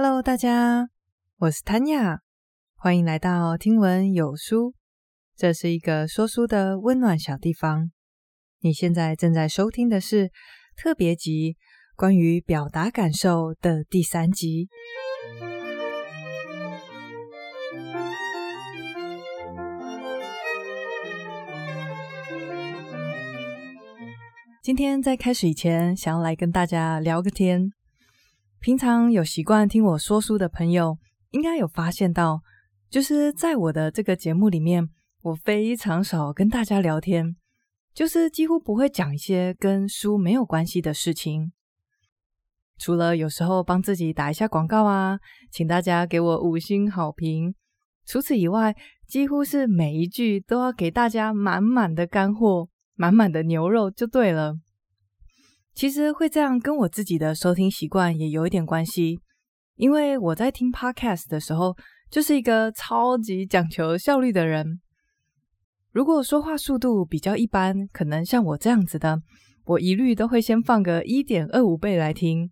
Hello，大家，我是 Tanya，歡迎來到聽聞有書，這是一個說書的溫暖小地方。你現在正在收聽的是特別集，關於表達感受的第三集。今天在開始以前，想要來跟大家聊個天。平常有習慣聽我說書的朋友，應該有發現到，就是在我的這個節目裡面，我非常少跟大家聊天，就是幾乎不會講一些跟書沒有關係的事情。除了有時候幫自己打一下廣告啊，請大家給我五星好評，除此以外，幾乎是每一句都要給大家滿滿的乾貨，滿滿的牛肉就對了。其實會這樣跟我自己的收聽習慣也有一點關係，因為我在聽 podcast 的時候，就是一個超級講求效率的人。如果說話速度比較一般，可能像我這樣子的，我一律都會先放個一點二五倍來聽。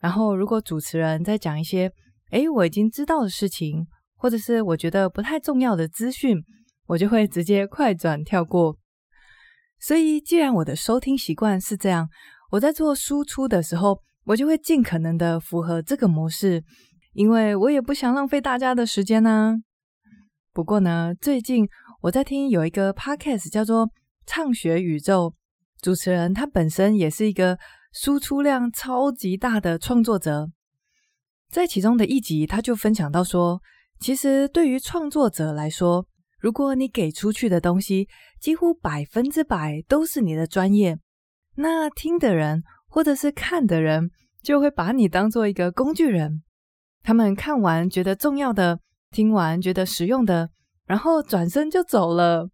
然後，如果主持人在講一些哎我已經知道的事情，或者是我覺得不太重要的資訊，我就會直接快轉跳過。所以，既然我的收聽習慣是這樣。我在做輸出的時候，我就會盡可能的符合這個模式，因為我也不想浪費大家的時間呢、啊。不過呢，最近我在聽有一個 podcast 叫做“暢學宇宙”，主持人他本身也是一個輸出量超級大的創作者，在其中的一集，他就分享到說，其實對於創作者來說，如果你給出去的東西，幾乎百分之百都是你的專業。那聽的人或者是看的人，就會把你當做一個工具人。他們看完覺得重要的，聽完覺得實用的，然後轉身就走了，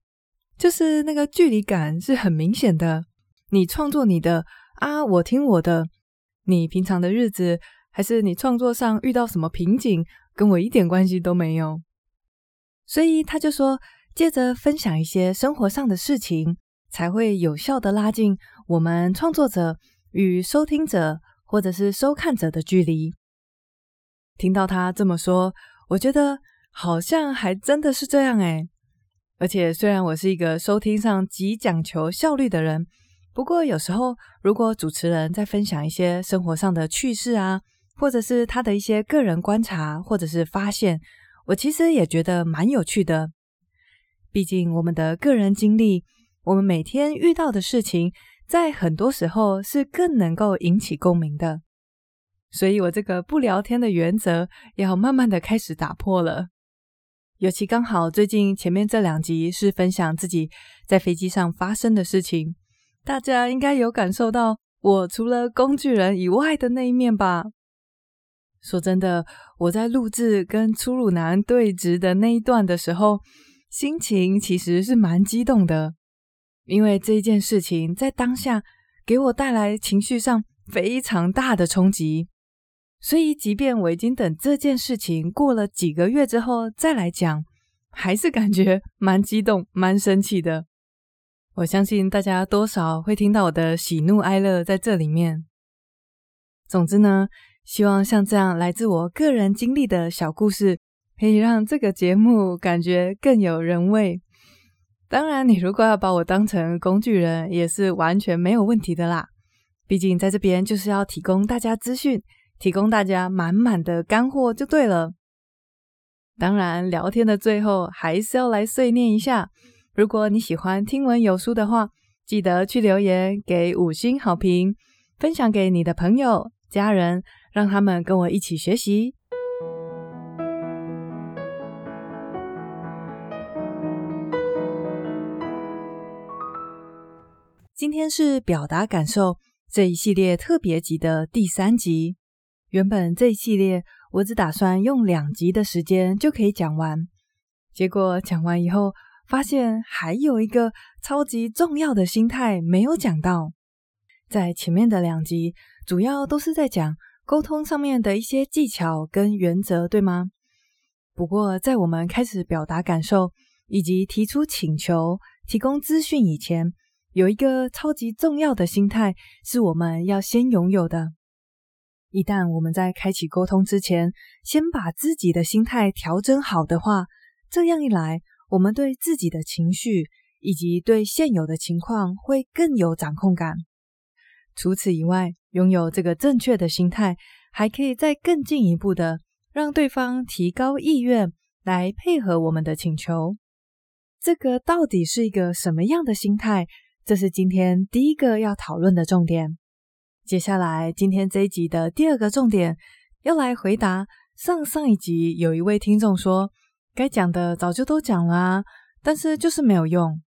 就是那個距離感是很明顯的。你創作你的啊，我聽我的，你平常的日子還是你創作上遇到什麼瓶頸，跟我一點關係都沒有。所以他就說，借着分享一些生活上的事情，才會有效的拉近。我們創作者與收聽者或者是收看者的距離，聽到他這麼說，我覺得好像還真的是這樣誒。而且，雖然我是一個收聽上極講求效率的人，不過有時候如果主持人在分享一些生活上的趣事啊，或者是他的一些個人觀察或者是發現，我其實也覺得蠻有趣的。畢竟，我們的個人經歷，我們每天遇到的事情，在很多時候是更能夠引起共鳴的，所以我這個不聊天的原則要慢慢的開始打破了。尤其剛好最近前面這兩集是分享自己在飛機上發生的事情，大家應該有感受到我除了工具人以外的那一面吧？說真的，我在錄製跟粗魯男對峙的那一段的時候，心情其實是蠻激動的。因為這件事情在當下給我帶來情緒上非常大的衝擊，所以即便我已經等這件事情過了幾個月之後再來講，還是感覺蠻激動、蠻生氣的。我相信大家多少會聽到我的喜怒哀樂在這裡面。總之呢，希望像這樣來自我個人經歷的小故事，可以讓這個節目感覺更有人味。當然，你如果要把我當成工具人，也是完全沒有問題的啦。畢竟在這邊就是要提供大家資訊，提供大家滿滿的乾貨就對了。當然，聊天的最後還是要來碎念一下。如果你喜歡聽聞有書的話，記得去留言給五星好評，分享給你的朋友、家人，讓他們跟我一起學習。今天是表達感受這一系列特別集的第三集。原本這一系列我只打算用兩集的時間就可以講完，結果講完以後發現還有一個超級重要的心態沒有講到。在前面的兩集主要都是在講溝通上面的一些技巧跟原則，對嗎？不過在我們開始表達感受以及提出請求、提供資訊以前，有一個超級重要的心態是我們要先擁有的。一旦我們在開啟溝通之前，先把自己的心態調整好的話，這樣一來，我們對自己的情緒以及對現有的情況會更有掌控感。除此以外，擁有這個正確的心態，還可以再更進一步的讓對方提高意願來配合我們的請求。這個到底是一個什麼樣的心態？這是今天第一個要討論的重點。接下來，今天這一集的第二個重點，要來回答上上一集有一位聽眾說：“該講的早就都講了啊，但是就是沒有用。”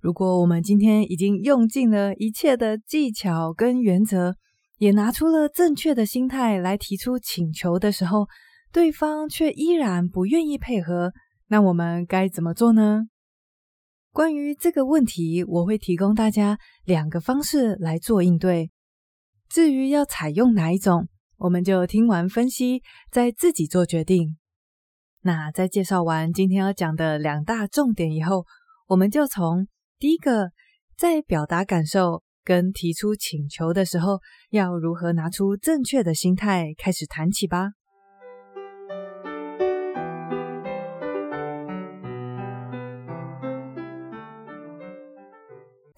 如果我們今天已經用盡了一切的技巧跟原則，也拿出了正確的心態來提出請求的時候，對方卻依然不願意配合，那我們該怎麼做呢？關於這個問題，我會提供大家兩個方式來做應對。至於要採用哪一種，我們就聽完分析再自己做決定。那在介紹完今天要講的兩大重點以後，我們就從第一個，在表達感受跟提出請求的時候，要如何拿出正確的心態開始談起吧。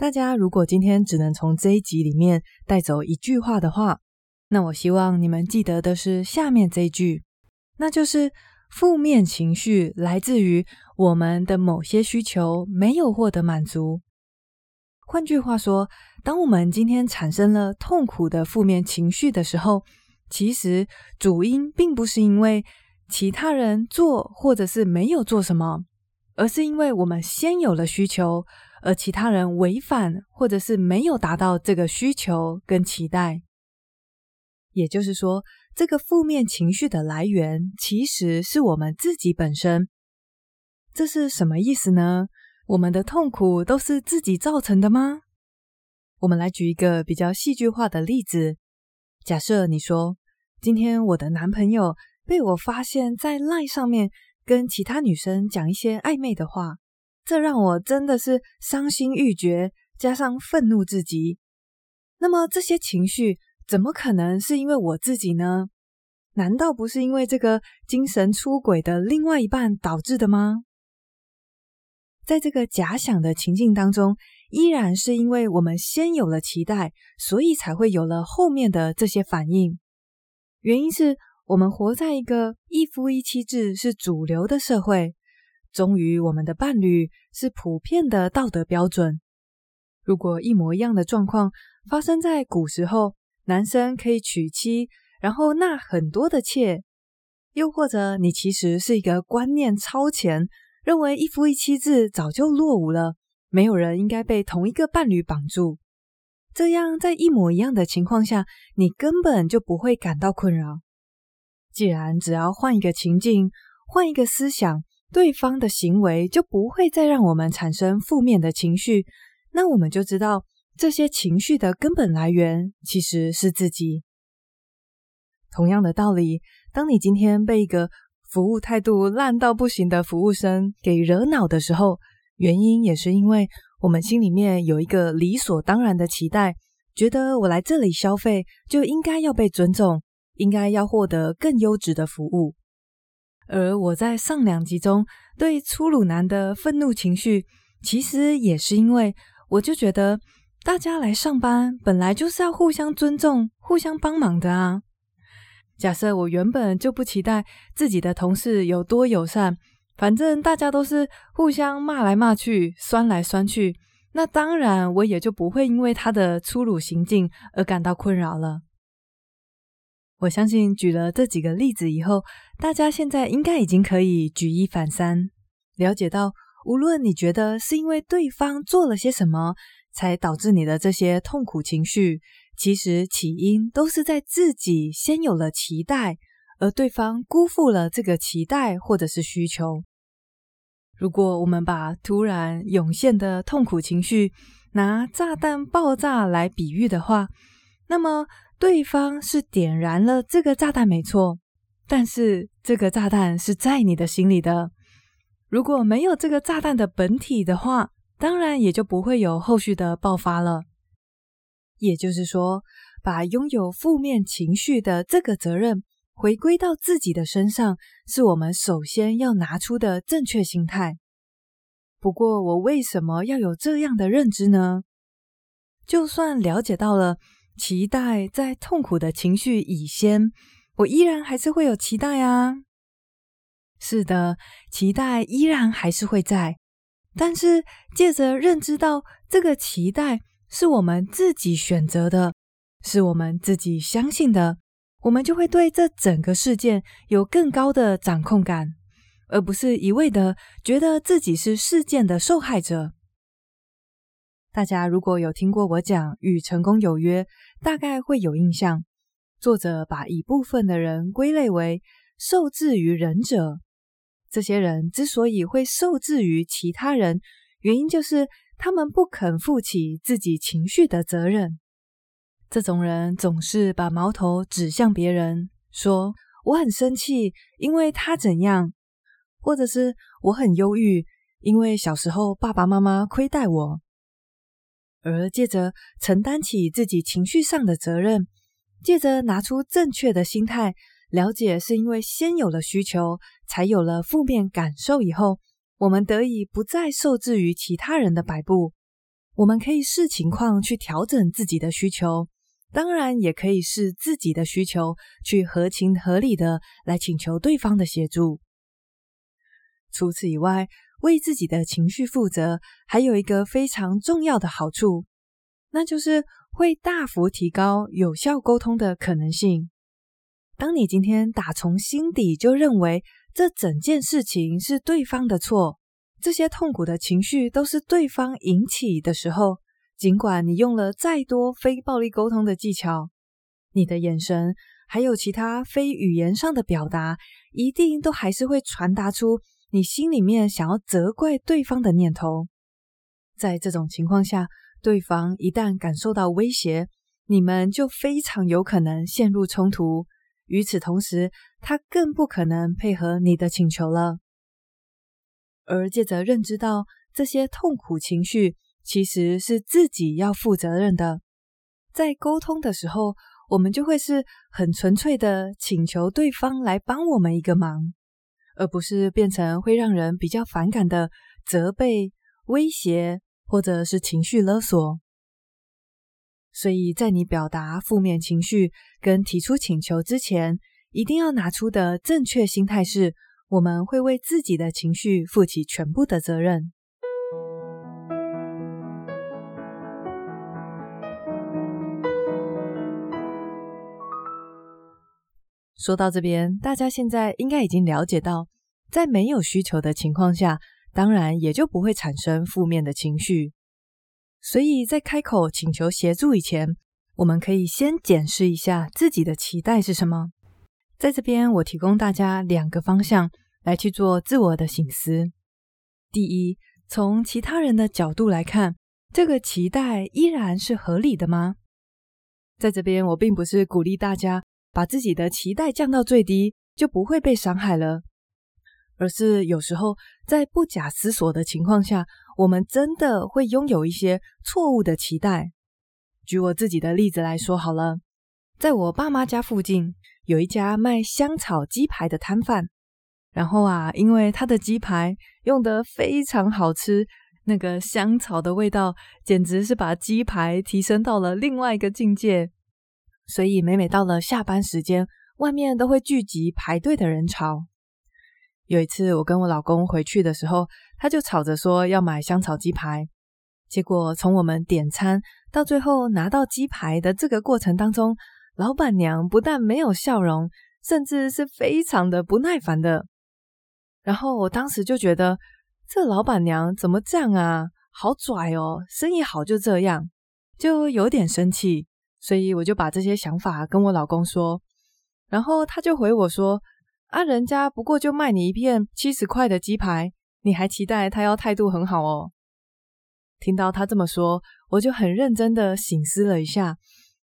大家如果今天只能從這一集裡面帶走一句話的話，那我希望你們記得的是下面這一句，那就是負面情緒來自於我們的某些需求沒有獲得滿足。換句話說，當我們今天產生了痛苦的負面情緒的時候，其實主因並不是因為其他人做或者是沒有做什麼，而是因為我們先有了需求。而其他人違反或者是沒有達到這個需求跟期待，也就是說，這個負面情緒的來源其實是我們自己本身。這是什麼意思呢？我們的痛苦都是自己造成的嗎？我們來舉一個比較戲劇化的例子，假設你說，今天我的男朋友被我發現在 LINE 上面跟其他女生講一些曖昧的話。這讓我真的是傷心欲絕，加上憤怒至極。那麼這些情緒怎麼可能是因為我自己呢？難道不是因為這個精神出軌的另外一半導致的嗎？在這個假想的情境當中，依然是因為我們先有了期待，所以才會有了後面的這些反應。原因是，我們活在一個一夫一妻制是主流的社會。忠於我們的伴侶是普遍的道德標準。如果一模一樣的狀況發生在古時候，男生可以娶妻，然後納很多的妾；又或者你其實是一個觀念超前，認為一夫一妻制早就落伍了，沒有人應該被同一個伴侶綁住。這樣在一模一樣的情況下，你根本就不會感到困擾。既然只要換一個情境，換一個思想。對方的行為就不會再讓我們產生負面的情緒，那我們就知道這些情緒的根本來源其實是自己。同樣的道理，當你今天被一個服務態度爛到不行的服務生給惹惱的時候，原因也是因為我們心裡面有一個理所當然的期待，覺得我來這裡消費就應該要被尊重，應該要獲得更優質的服務。而我在上兩集中對粗魯男的憤怒情緒，其實也是因為我就覺得大家來上班本來就是要互相尊重、互相幫忙的啊。假設我原本就不期待自己的同事有多友善，反正大家都是互相罵來罵去、酸來酸去，那當然我也就不會因為他的粗魯行徑而感到困擾了。我相信舉了這幾個例子以後，大家現在應該已經可以舉一反三，了解到無論你覺得是因為對方做了些什麼才導致你的這些痛苦情緒，其實起因都是在自己先有了期待，而對方辜負了這個期待或者是需求。如果我們把突然湧現的痛苦情緒拿炸彈爆炸來比喻的話，那麼對方是點燃了這個炸彈，沒錯。但是這個炸彈是在你的心裡的，如果沒有這個炸彈的本體的話，當然也就不會有後續的爆發了。也就是說，把擁有負面情緒的這個責任回歸到自己的身上，是我們首先要拿出的正確心態。不過，我為什麼要有這樣的認知呢？就算了解到了，期待在痛苦的情緒以先。我依然還是會有期待啊！是的，期待依然還是會在，但是借着認知到這個期待是我們自己選擇的，是我們自己相信的，我們就會對這整個事件有更高的掌控感，而不是一味的覺得自己是事件的受害者。大家如果有聽過我講《與成功有約》，大概會有印象。作者把一部分的人歸類為受制於人者。這些人之所以會受制於其他人，原因就是他們不肯負起自己情緒的責任。這種人總是把矛頭指向別人，說我很生氣，因為他怎樣，或者是我很憂鬱，因為小時候爸爸媽媽虧待我，而接着承擔起自己情緒上的責任。借着拿出正確的心態，了解是因為先有了需求，才有了負面感受以後，我們得以不再受制於其他人的擺布，我們可以視情況去調整自己的需求，當然也可以視自己的需求去合情合理的來請求對方的協助。除此以外，為自己的情緒負責，還有一個非常重要的好處，那就是。會大幅提高有效溝通的可能性。當你今天打從心底就認為這整件事情是對方的錯，這些痛苦的情緒都是對方引起的時候，儘管你用了再多非暴力溝通的技巧，你的眼神還有其他非語言上的表達，一定都還是會傳達出你心裡面想要責怪對方的念頭。在這種情況下，對方一旦感受到威脅，你們就非常有可能陷入衝突。與此同時，他更不可能配合你的請求了。而借着認知到這些痛苦情緒其實是自己要負責任的，在溝通的時候，我們就會是很純粹的請求對方來幫我們一個忙，而不是變成會讓人比較反感的責備、威脅。或者是情緒勒索，所以在你表達負面情緒跟提出請求之前，一定要拿出的正確心態是：我們會為自己的情緒負起全部的責任。說到這邊，大家現在應該已經了解到，在沒有需求的情況下，當然也就不會產生負面的情緒，所以在開口請求協助以前，我們可以先檢視一下自己的期待是什麼。在這邊，我提供大家兩個方向來去做自我的省思：第一，從其他人的角度來看，這個期待依然是合理的嗎？在這邊，我並不是鼓勵大家把自己的期待降到最低，就不會被傷害了。而是有時候在不假思索的情況下，我們真的會擁有一些錯誤的期待。舉我自己的例子來說好了，在我爸媽家附近有一家賣香草雞排的攤販，然後啊，因為他的雞排用得非常好吃，那個香草的味道簡直是把雞排提升到了另外一個境界，所以每每到了下班時間，外面都會聚集排隊的人潮。有一次，我跟我老公回去的時候，他就吵着說要買香草雞排。結果從我們點餐到最後拿到雞排的這個過程當中，老闆娘不但沒有笑容，甚至是非常的不耐煩的。然後我當時就覺得，這老板娘怎麼這樣啊？好拽哦，生意好就這樣，就有點生氣。所以我就把這些想法跟我老公說，然後他就回我說。啊，人家不過就賣你一片七十塊的雞排，你還期待他要態度很好哦？聽到他這麼說，我就很認真的省思了一下，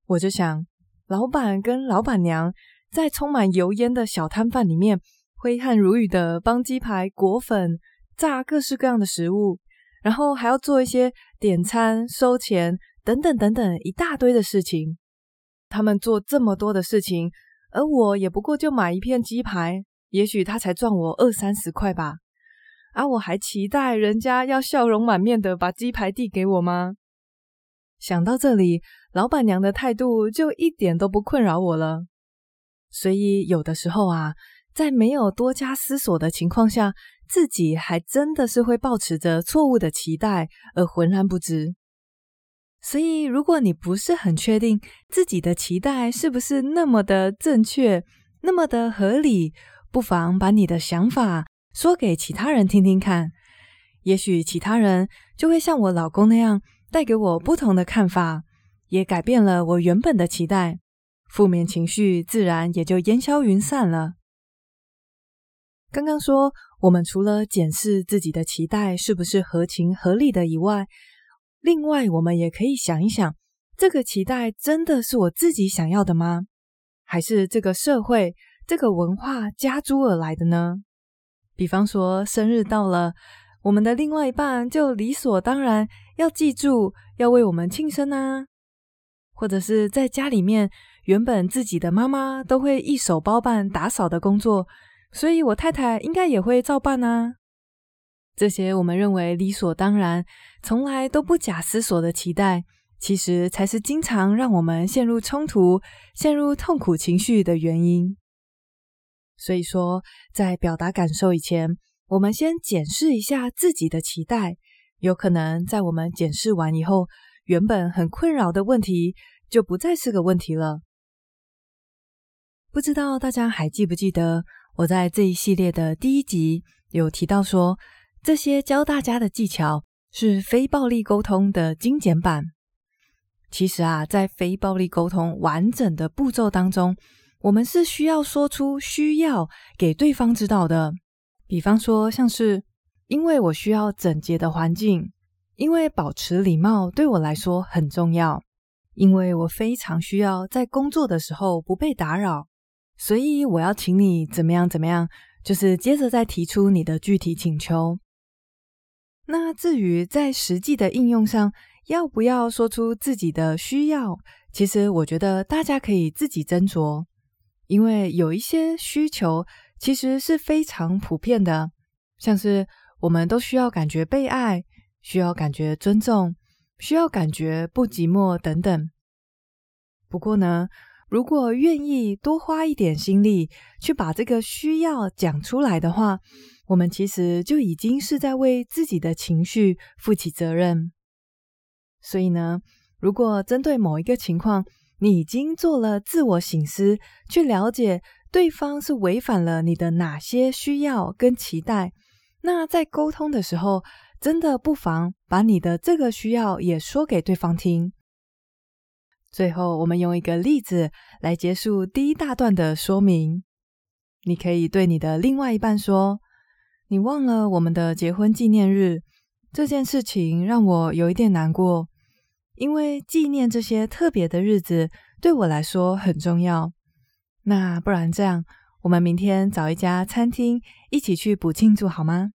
我就想，老闆跟老闆娘在充滿油煙的小攤販裡面揮汗如雨的幫雞排裹粉、炸各式各樣的食物，然後還要做一些點餐、收錢等等等等一大堆的事情，他們做這麼多的事情。而我也不過就買一片雞排，也許他才賺我二三十塊吧。而、啊、我還期待人家要笑容滿面的把雞排遞給我嗎？想到這裡，老闆娘的態度就一點都不困擾我了。所以有的時候啊，在沒有多加思索的情況下，自己還真的是會抱持着錯誤的期待而渾然不知。所以，如果你不是很確定自己的期待是不是那麼的正確、那麼的合理，不妨把你的想法說給其他人聽聽看。也許其他人就會像我老公那樣，帶給我不同的看法，也改變了我原本的期待，負面情緒自然也就煙消雲散了。剛剛說，我們除了檢視自己的期待是不是合情合理的以外，另外，我們也可以想一想，這個期待真的是我自己想要的嗎？還是這個社會、這個文化加諸而來的呢？比方說，生日到了，我們的另外一半就理所當然要記住要為我們慶生啊，或者是在家裡面，原本自己的媽媽都會一手包辦打掃的工作，所以我太太應該也會照辦啊。這些我們認為理所當然、從來都不假思索的期待，其實才是經常讓我們陷入衝突、陷入痛苦情緒的原因。所以說，在表達感受以前，我們先檢視一下自己的期待，有可能在我們檢視完以後，原本很困擾的問題就不再是個問題了。不知道大家還記不記得，我在這一系列的第一集有提到說，這些教大家的技巧是非暴力溝通的精簡版。其實啊，在非暴力溝通完整的步驟當中，我們是需要說出需要給對方知道的。比方說，像是因為我需要整潔的環境，因為保持禮貌對我來說很重要，因為我非常需要在工作的時候不被打擾，所以我要請你怎麼樣怎麼樣，就是接着再提出你的具體請求。那至於在實際的應用上要不要說出自己的需要，其實我覺得大家可以自己斟酌，因為有一些需求其實是非常普遍的，像是我們都需要感覺被愛，需要感覺尊重，需要感覺不寂寞等等。不過呢，如果願意多花一點心力去把這個需要講出來的話，我們其實就已經是在為自己的情緒負起責任，所以呢，如果針對某一個情況，你已經做了自我省思，去了解對方是違反了你的哪些需要跟期待，那在溝通的時候，真的不妨把你的這個需要也說給對方聽。最後，我們用一個例子來結束第一大段的說明。你可以對你的另外一半說，你忘了我們的結婚紀念日，這件事情讓我有一點難過，因為紀念這些特別的日子對我來說很重要。那不然這樣，我們明天找一家餐廳一起去補慶祝，好嗎？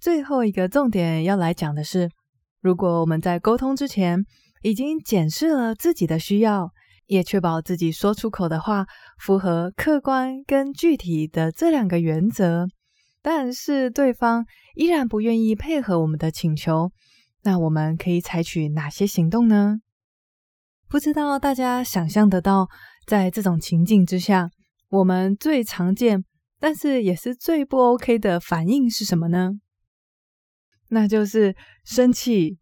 最後一個重點要來講的是，如果我們在溝通之前，已經檢視了自己的需要，也確保自己說出口的話符合客觀跟具體的這兩個原則，但是對方依然不願意配合我們的請求，那我們可以採取哪些行動呢？不知道大家想象得到，在這種情境之下，我們最常見，但是也是最不 OK 的反應是什麼呢？那就是生氣。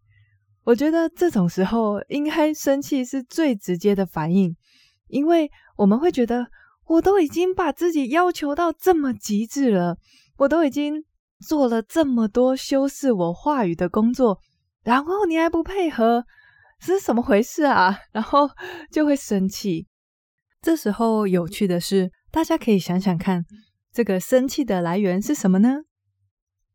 我覺得這種時候應該生氣是最直接的反應，因為我們會覺得，我都已經把自己要求到這麼極致了，我都已經做了這麼多修飾我話語的工作，然後你還不配合，這是怎麼回事啊？然後就會生氣。這時候有趣的是，大家可以想想看，這個生氣的來源是什麼呢？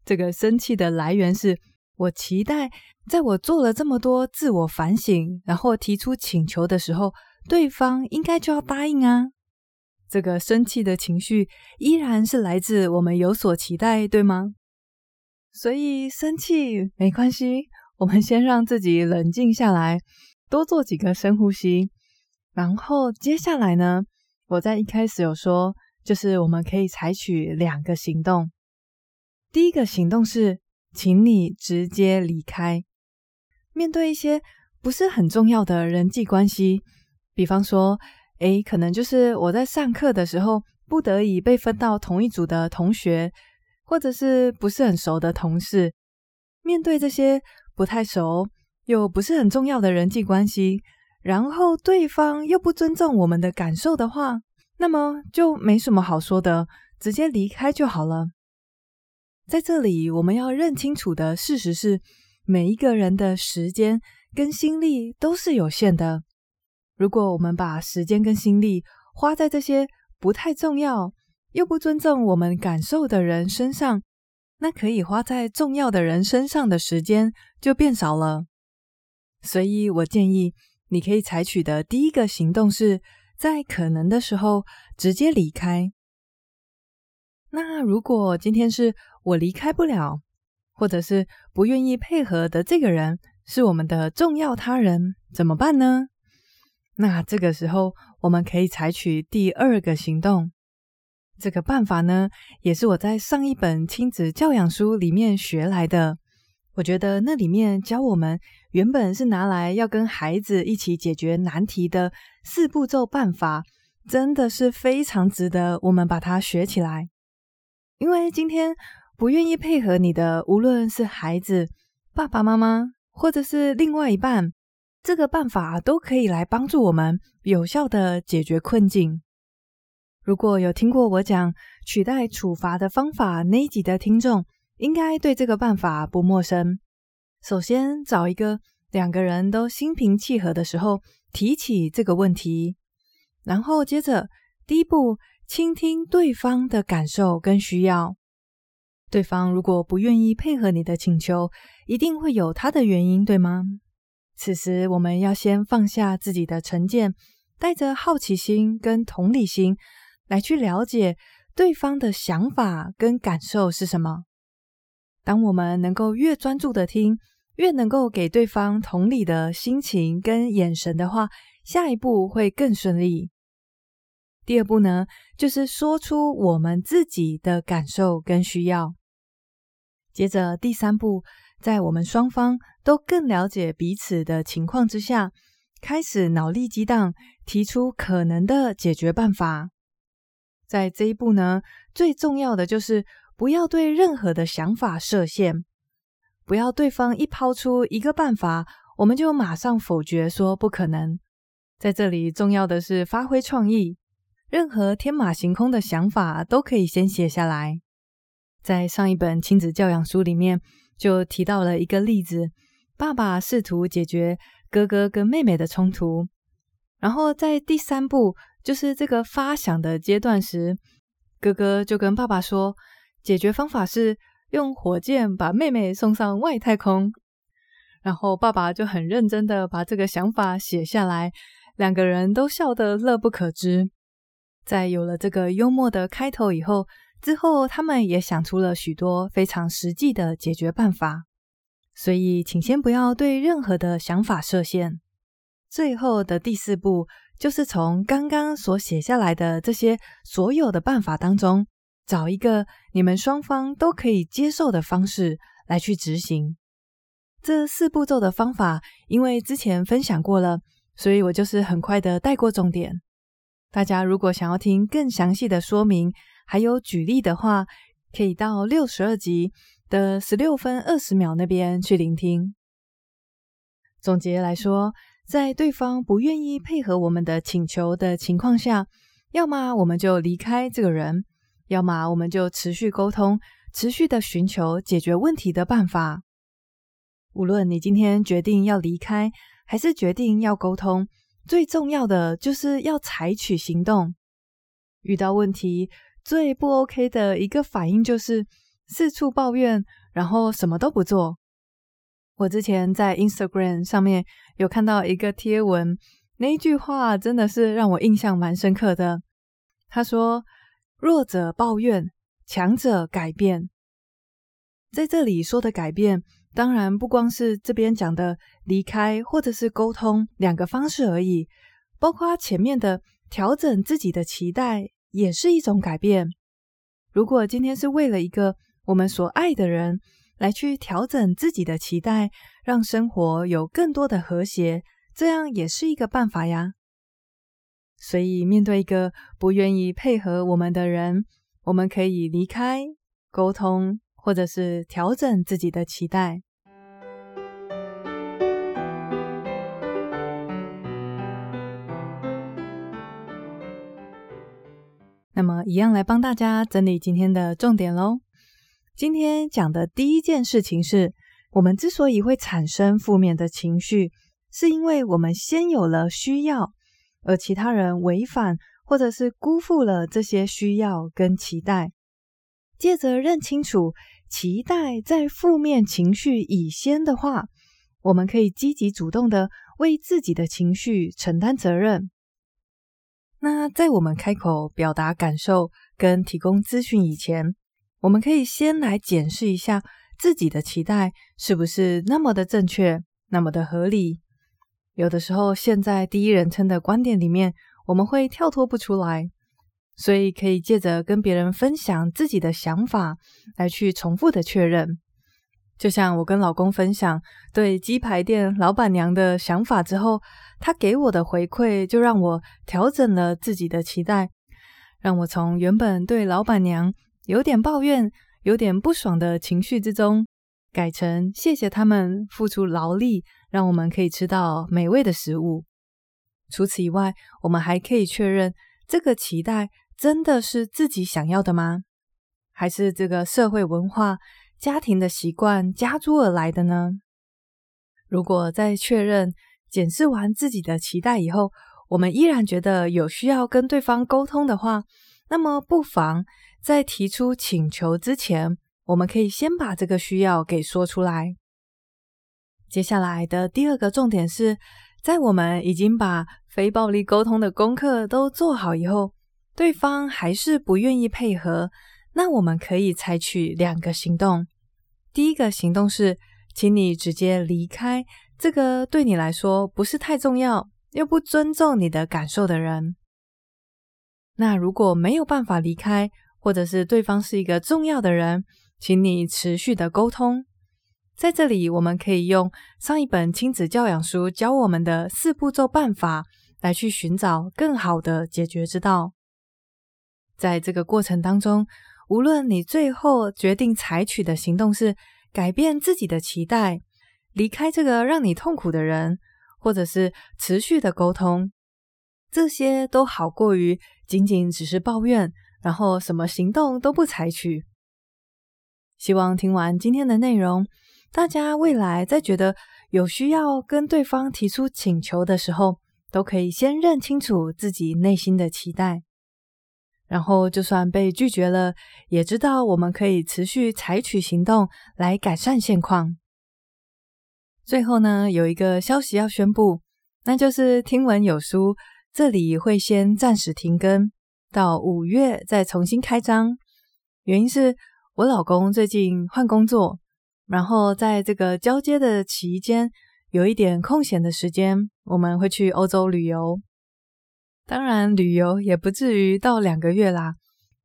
這個生氣的來源是。我期待，在我做了這麼多自我反省，然後提出請求的時候，對方應該就要答應啊。這個生氣的情緒依然是來自我們有所期待，對嗎？所以生氣沒關係，我們先讓自己冷靜下來，多做幾個深呼吸。然後接下來呢，我在一開始有說，就是我們可以採取兩個行動。第一個行動是。請你直接離開。面對一些不是很重要的人際關係，比方說，誒，可能就是我在上課的時候，不得已被分到同一組的同學，或者是不是很熟的同事。面對這些不太熟，又不是很重要的人際關係，然後對方又不尊重我們的感受的話，那麼就沒什麼好說的，直接離開就好了。在這裡，我們要認清楚的事實是，每一個人的時間跟心力都是有限的。如果我們把時間跟心力花在這些不太重要又不尊重我們感受的人身上，那可以花在重要的人身上的時間就變少了。所以我建議，你可以採取的第一個行動是在可能的時候直接離開。那如果今天是我離開不了，或者是不願意配合的這個人，是我們的重要他人，怎麼辦呢？那這個時候，我們可以採取第二個行動。這個辦法呢，也是我在上一本親子教養書裡面學來的。我覺得那裡面教我們原本是拿來要跟孩子一起解決難題的四步驟辦法，真的是非常值得我們把它學起來，因為今天，不願意配合你的，無論是孩子、爸爸媽媽，或者是另外一半，這個辦法都可以來幫助我們有效的解決困境。如果有聽過我講取代處罰的方法那一集的聽眾，應該對這個辦法不陌生。首先，找一個兩個人都心平氣和的時候提起這個問題，然後接着第一步，傾聽對方的感受跟需要。對方如果不願意配合你的請求，一定會有他的原因，對嗎？此時我們要先放下自己的成見，帶着好奇心跟同理心來去了解對方的想法跟感受是什麼。當我們能夠越專注地聽，越能夠給對方同理的心情跟眼神的話，下一步會更順利。第二步呢，就是說出我們自己的感受跟需要。接着第三步，在我們雙方都更了解彼此的情況之下，開始腦力激盪，提出可能的解決辦法。在這一步呢，最重要的就是不要對任何的想法設限，不要對方一拋出一個辦法，我們就馬上否決說不可能。在這裡，重要的是發揮創意，任何天馬行空的想法都可以先寫下來。在上一本親子教養書裡面，就提到了一個例子：爸爸試圖解決哥哥跟妹妹的衝突。然後在第三步，就是這個發想的階段時，哥哥就跟爸爸說，解決方法是用火箭把妹妹送上外太空。然後爸爸就很認真的把這個想法寫下來，兩個人都笑得樂不可支。在有了這個幽默的開頭以後。之後，他們也想出了許多非常實際的解決辦法，所以請先不要對任何的想法設限。最後的第四步，就是從剛剛所寫下來的這些所有的辦法當中，找一個你們雙方都可以接受的方式來去執行。這四步驟的方法，因為之前分享過了，所以我就是很快的帶過重點。大家如果想要聽更詳細的說明。還有舉例的話，可以到六十二集的十六分二十秒那邊去聆聽。總結來說，在對方不願意配合我們的請求的情況下，要麼我們就離開這個人，要麼我們就持續溝通，持續的尋求解決問題的辦法。無論你今天決定要離開，還是決定要溝通，最重要的就是要採取行動。遇到問題，最不 OK 的一個反應就是四處抱怨，然後什麼都不做。我之前在 Instagram 上面有看到一個貼文，那一句話真的是讓我印象蠻深刻的。他說：“弱者抱怨，強者改變。”在這裡說的改變，當然不光是這邊講的離開或者是溝通兩個方式而已，包括前面的調整自己的期待。也是一種改變。如果今天是為了一個我們所愛的人，來去調整自己的期待，讓生活有更多的和諧，這樣也是一個辦法呀。所以，面對一個不願意配合我們的人，我們可以離開、溝通，或者是調整自己的期待。那麼，一樣來幫大家整理今天的重點嘍。今天講的第一件事情是，我們之所以會產生負面的情緒，是因為我們先有了需要，而其他人違反或者是辜負了這些需要跟期待。藉著認清楚，期待在負面情緒以先的話，我們可以積極主動的為自己的情緒承擔責任。那在我們開口表達感受跟提供資訊以前，我們可以先來檢視一下自己的期待是不是那麼的正確，那麼的合理。有的時候，陷在第一人稱的觀點裡面，我們會跳脫不出來，所以可以借着跟別人分享自己的想法，來去重複的確認。就像我跟老公分享對雞排店老闆娘的想法之後，他給我的回饋就讓我調整了自己的期待，讓我從原本對老闆娘有點抱怨、有點不爽的情緒之中，改成謝謝他們付出勞力，讓我們可以吃到美味的食物。除此以外，我們還可以確認這個期待真的是自己想要的嗎？還是這個社會文化？家庭的習慣加諸而來的呢？如果在確認、檢視完自己的期待以後，我們依然覺得有需要跟對方溝通的話，那麼不妨在提出請求之前，我們可以先把這個需要給說出來。接下來的第二個重點是，在我們已經把非暴力溝通的功課都做好以後，對方還是不願意配合，那我們可以採取兩個行動。第一個行動是，請你直接離開這個對你來說不是太重要，又不尊重你的感受的人。那如果沒有辦法離開，或者是對方是一個重要的人，請你持續的溝通。在這裡，我們可以用上一本親子教養書教我們的四步驟辦法來去尋找更好的解決之道。在這個過程當中，無論你最後決定採取的行動是改變自己的期待，離開這個讓你痛苦的人，或者是持續的溝通，這些都好過於僅僅只是抱怨，然後什麼行動都不採取。希望聽完今天的內容，大家未來在覺得有需要跟對方提出請求的時候，都可以先認清楚自己內心的期待。然後，就算被拒絕了，也知道我們可以持續採取行動來改善現況。最後呢，有一個消息要宣布，那就是聽聞有書，這裡會先暫時停更，到五月再重新開張。原因是，我老公最近換工作，然後在這個交接的期間，有一點空閒的時間，我們會去歐洲旅遊。當然，旅遊也不至於到兩個月啦，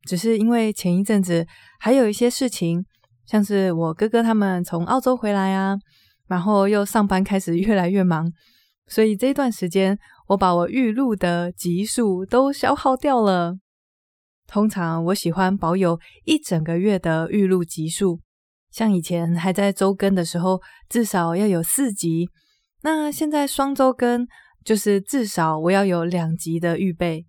只是因為前一陣子還有一些事情，像是我哥哥他們從澳洲回來啊，然後又上班開始越來越忙，所以這段時間我把我預錄的集數都消耗掉了。通常我喜歡保有一整個月的預錄集數，像以前還在周更的時候，至少要有四集。那現在雙周更，就是至少我要有兩集的預備，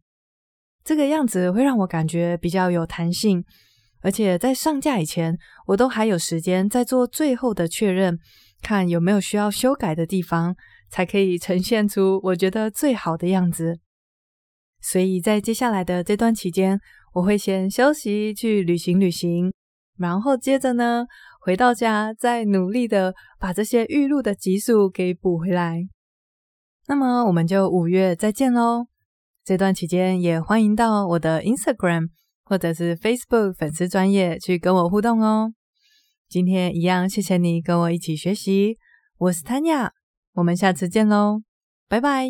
這個樣子會讓我感覺比較有彈性，而且在上架以前，我都還有時間在做最後的確認，看有沒有需要修改的地方，才可以呈現出我覺得最好的樣子。所以在接下來的這段期間，我會先休息去旅行旅行，然後接着呢，回到家再努力的把這些預錄的集數給補回來。那麼我們就五月再見嘍！這段期間也歡迎到我的 Instagram 或者是 Facebook 粉絲專頁去跟我互動哦。今天一樣謝謝你跟我一起學習，我是 Tanya，我們下次見嘍，拜拜。